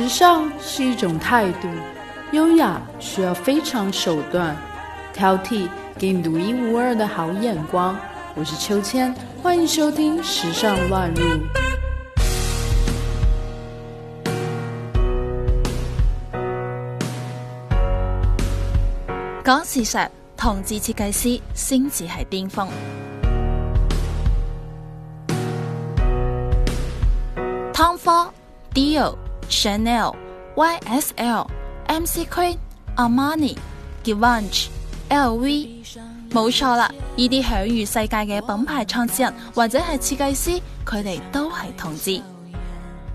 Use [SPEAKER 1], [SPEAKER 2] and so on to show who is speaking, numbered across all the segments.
[SPEAKER 1] 時尚是一種態度，優雅需要非常手段，挑剔給你獨一無二的好眼光。我是秋千，歡迎收聽《時尚亂入》。講事實，同志設計師先至係巔峰。Tom Ford，Dior。Chanel、YSL、McQueen、Armani、Givenchy、LV，冇錯啦！呢啲享譽世界嘅品牌創始人或者係設計師，佢哋都係同志。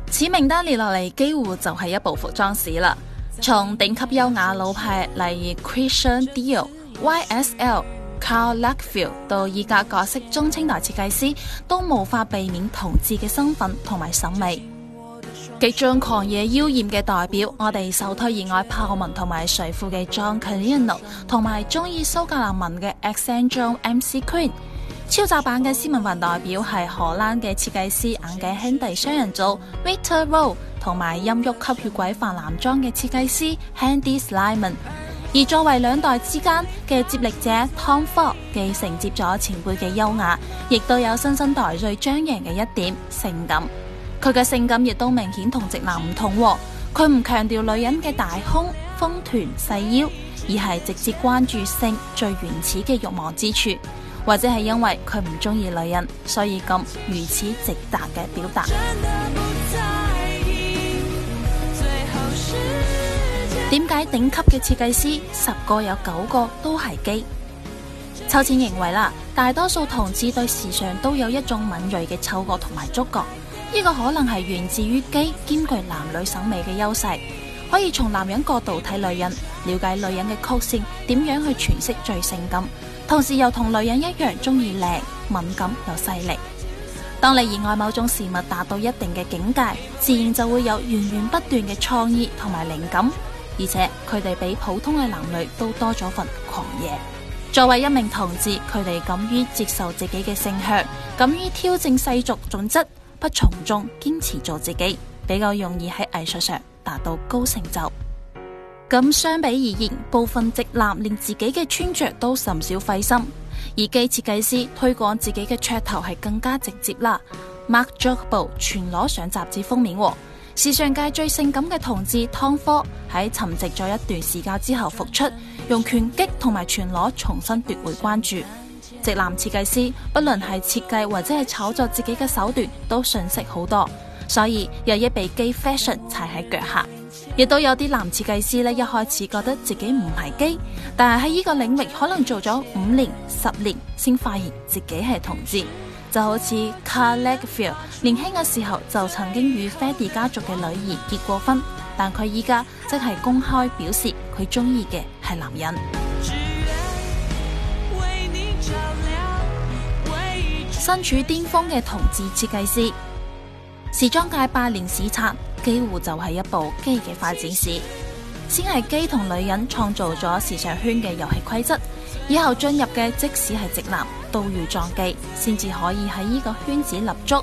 [SPEAKER 1] 此名單列落嚟，幾乎就係一部服裝史啦。從頂級優雅老派例如 Christian Dior、YSL、Karl Lagerfeld 到而家各色中青代設計師，都無法避免同志嘅身份同埋審美。極盡狂野妖艷嘅代表，我哋首推熱愛豹紋同埋睡褲嘅 John Galliano，同埋中意蘇格蘭格紋嘅 Alexander McQueen。超窄版嘅斯文範代表係荷蘭嘅設計師眼鏡兄弟雙人組 Viktor & Rolf，同埋陰鬱吸血鬼範男裝嘅設計師 Hedi Slimane。而作為兩代之間嘅接力者，Tom Ford 既承接咗前輩嘅優雅，亦都有新生代最張揚嘅一點性感。佢嘅性感亦都明顯同直男唔同，哦，佢唔強調女人嘅大胸、豐臀、細腰，而係直接關注性最原始嘅欲望之處。或者係因為佢唔中意女人，所以咁如此直達嘅表達。點解頂級嘅設計師十個有九個都係基？秋千認為啦，大多數同志對時尚都有一種敏銳嘅嗅覺同埋觸覺。呢個可能係源自於基兼具男女審美嘅優勢，可以從男人角度睇女人，了解女人嘅曲線點樣去詮釋最性感，同時又同女人一樣中意靚，敏感又犀利。當你熱愛某種事物達到一定嘅境界，自然就會有源源不斷嘅創意同埋靈感。而且佢哋比普通嘅男女都多咗份狂野。作為一名同志，佢哋敢於接受自己嘅性向，敢於挑戰世俗準則。不從眾，堅持做自己，比較容易喺藝術上達到高成就。咁相比而言，部分直男連自己嘅穿着，都甚少費心，而機設計師推廣自己嘅噱頭係更加直接啦。Marc Jacobs 全裸上雜誌封面，時尚界最性感嘅同志 Tom Ford 喺沉寂咗一段時間之後復出，用拳擊同埋全裸重新奪回關注。直男設計師不論係設計或者係炒作自己嘅手段都遜色好多，所以又要被 gay fashion 踩喺腳下。亦都有啲男設計師呢，一開始覺得自己唔係 gay，但係喺呢個領域可能做咗五年、十年，先發現自己係同志。就好似 Karl Lagerfeld 年輕嘅時候就曾經與 Fendi 家族嘅女兒結過婚，但佢依家真係公開表示佢中意嘅係男人。身處巔峰嘅同志設計師，時裝界八年史冊幾乎就係一部基嘅發展史。先係基同女人創造咗時尚圈嘅遊戲規則，以後進入嘅即使係直男都要撞基，先至可以喺呢個圈子立足。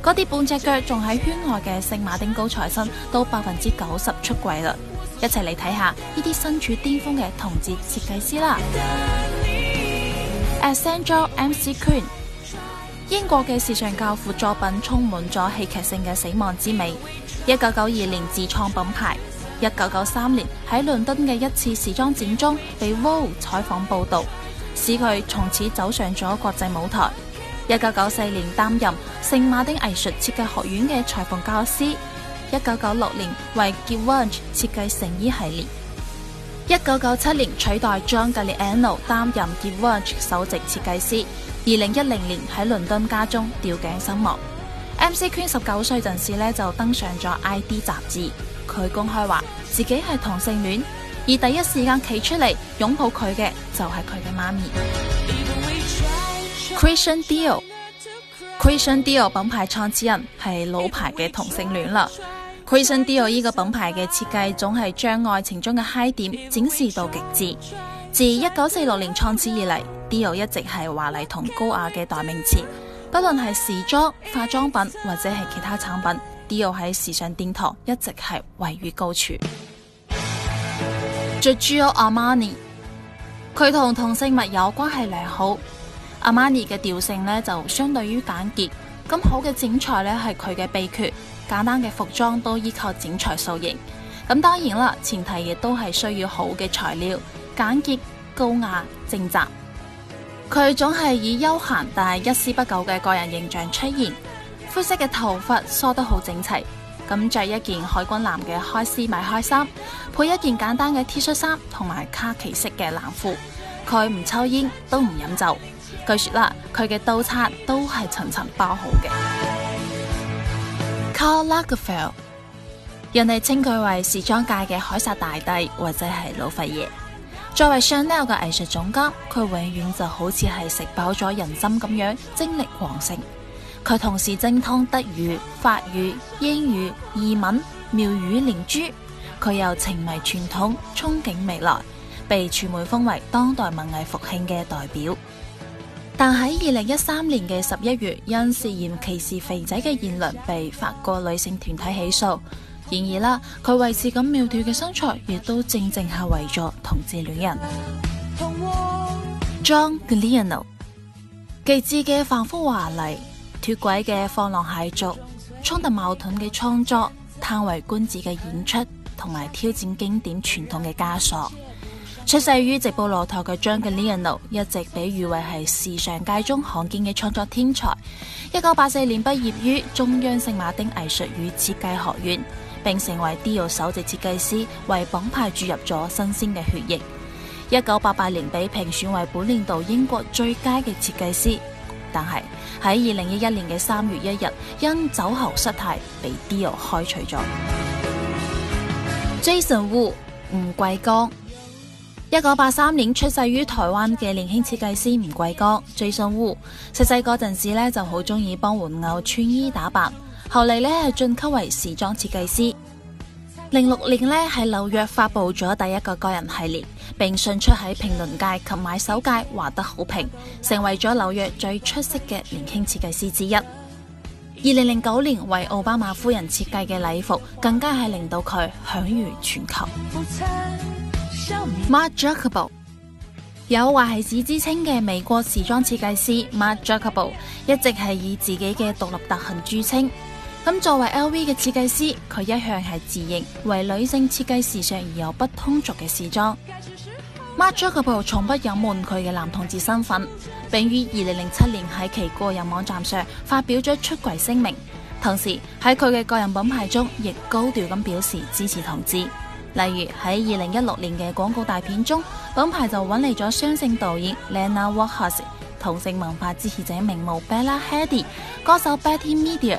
[SPEAKER 1] 嗰啲半隻腳仲喺圈外嘅聖馬丁高材生，都百分之九十出櫃啦。一齊嚟睇下呢啲身處巔峰嘅同志設計師啦。Alexander McQueen。英國嘅時尚教父，作品充滿咗戲劇性嘅死亡之美。一九九二年自創品牌，一九九三年喺倫敦嘅一次時裝展中被 v o 採訪報道，使佢從此走上咗國際舞台。一九九四年擔任聖馬丁藝術設計學院嘅裁縫教師，一九九六年為 Givenchy 設計成衣系列，一九九七年取代 John Galliano 擔任 Givenchy 首席設計師。二零一零年喺倫敦家中吊頸身亡。McQueen 十九歲陣時呢，就登上咗《ID》雜誌，佢公開話自己係同性戀，而第一時間企出嚟擁抱佢嘅就係佢嘅媽咪。Christian Dior，Christian Dior 品牌創始人係老牌嘅同性戀啦。Christian Dior 呢依個品牌嘅設計總係將愛情中嘅 high 點展示到極致。自一九四六年創始以嚟。Dior 一直係華麗同高雅嘅代名詞，不論係時裝、化妝品或者係其他產品，Dior 喺時尚殿堂一直係位於高處。着 Giorgio Armani，佢同同性物有關係良好。Armani 嘅調性呢，就相對於簡潔。咁好嘅剪裁呢，係佢嘅秘訣，簡單嘅服裝都依靠剪裁塑形。咁當然啦，前提亦都係需要好嘅材料，簡潔、高雅、正直。佢總係以休閒但係一絲不苟嘅個人形象出現，灰色嘅頭髮梳得好整齊，咁着一件海軍藍嘅開司米開衫，配一件簡單嘅 T 恤衫同埋卡其色嘅冷褲。佢唔抽煙，都唔飲酒。據說啦，佢嘅刀叉都係層層包好嘅。Karl Lagerfeld，人哋稱佢為時裝界嘅凱撒大帝，或者係老佛爺。作為 Chanel 嘅藝術總監，佢永遠就好似係食飽咗人參咁樣精力旺盛。佢同時精通德語、法語、英語、意文，妙語連珠。佢又情迷傳統，憧憬未來，被傳媒封為當代文藝復興嘅代表。但喺二零一三年嘅十一月，因涉嫌歧視肥仔嘅言論，被法國女性團體起訴。然而啦，佢維持咁苗條嘅身材，亦都正正係為咗同志戀人。John Galliano，極致嘅繁複華麗，脫軌嘅放浪蟹族，衝突矛盾嘅創作，嘆為觀止嘅演出，同埋挑戰經典傳統嘅枷鎖。出世於直布羅陀嘅 John Galliano，一直被譽為係時尚界中罕見嘅創作天才。一九八四年畢業於中央聖馬丁藝術與設計學院。並成為 Dior 首席設計師，為品牌注入咗新鮮嘅血液。一九八八年被評選為本年度英國最佳嘅設計師，但係喺二零一一年嘅三月一日，因酒後失態被 Dior 開除咗。Jason Wu 吳季剛，一九八三年出世於台灣嘅年輕設計師吳季剛，Jason Wu，細細嗰陣時呢，就好中意幫玩偶穿衣打扮。後嚟咧係晉級為時裝設計師。零六年咧喺紐約發布咗第一個個人系列，並迅速喺評論界及買手界獲得好評，成為咗紐約最出色嘅年輕設計師之一。二零零九年為奧巴馬夫人設計嘅禮服，更加係令到佢享譽全球。Marc Jacobs 有話係史之稱嘅美國時裝設計師 Marc Jacobs 一直係以自己嘅獨立特行著稱。咁作為 L.V 嘅設計師，佢一向係自認為女性設計時尚而又不通俗嘅時裝。Marc Jacobs 從不隱瞞佢嘅男同志身份，并於二零零七年喺其個人網站上發表咗出櫃聲明，同時喺佢嘅個人品牌中亦高調咁表示支持同志。例如喺二零一六年嘅廣告大片中，品牌就揾嚟咗雙性導演 Lena Walkers、同性文化支持者名模 Bella Hadid、歌手 Bette Midler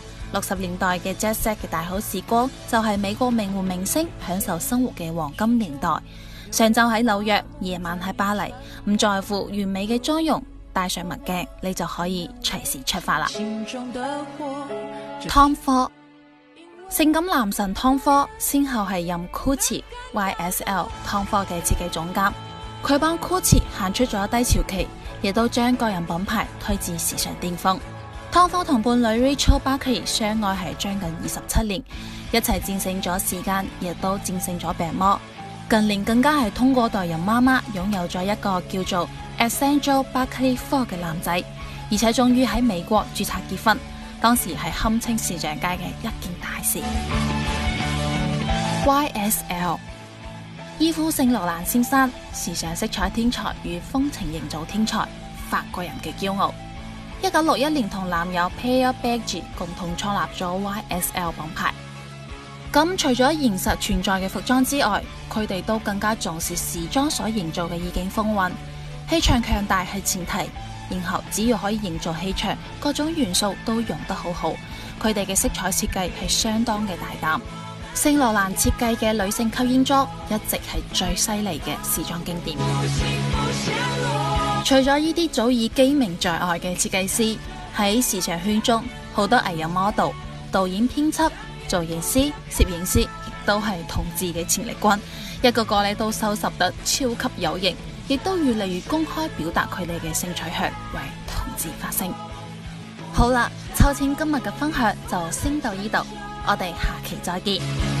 [SPEAKER 1] 六十年代嘅 Jazz 嘅大好時光，就係美國名媛明星享受生活嘅黃金年代。上晝喺紐約，夜晚喺巴黎，唔在乎完美嘅妝容，戴上墨鏡，你就可以隨時出發啦。湯科，性感男神湯科，先後係任 Gucci YSL 湯科嘅設計總監，佢幫 Gucci 行出咗低潮期，亦都將個人品牌推至時尚巔峰。湯科同伴侶 Rachel Buckley 相愛係將近二十七年，一齊戰勝咗時間，亦都戰勝咗病魔。近年更加係通過代孕媽媽擁有咗一個叫做 Essential Buckley Four 嘅男仔，而且終於喺美國註冊結婚，當時係堪稱時尚界嘅一件大事。YSL，伊夫聖羅蘭先生，時尚色彩天才與風情營造天才，法國人嘅驕傲。一九六一年，同男友 Pierre Bergé 共同創立咗 YSL 品牌。咁除咗現實存在嘅服裝之外，佢哋都更加重視時裝所營造嘅意境風韻。氣場強大係前提，然後只要可以營造氣場，各種元素都用得好好。佢哋嘅色彩設計係相當嘅大膽。聖羅蘭設計嘅女性吸煙裝一直係最犀利嘅時裝經典。除咗呢啲早已知名在外嘅設計師，喺時尚圈中好多藝人、model、導演、編輯、造型師、攝影師，亦都係同志嘅潛力軍，一個個咧都收拾得超級有型，亦都越嚟越公開表達佢哋嘅性取向，為同志發聲。好啦，秋千今日嘅分享就先到呢度，我哋下期再見。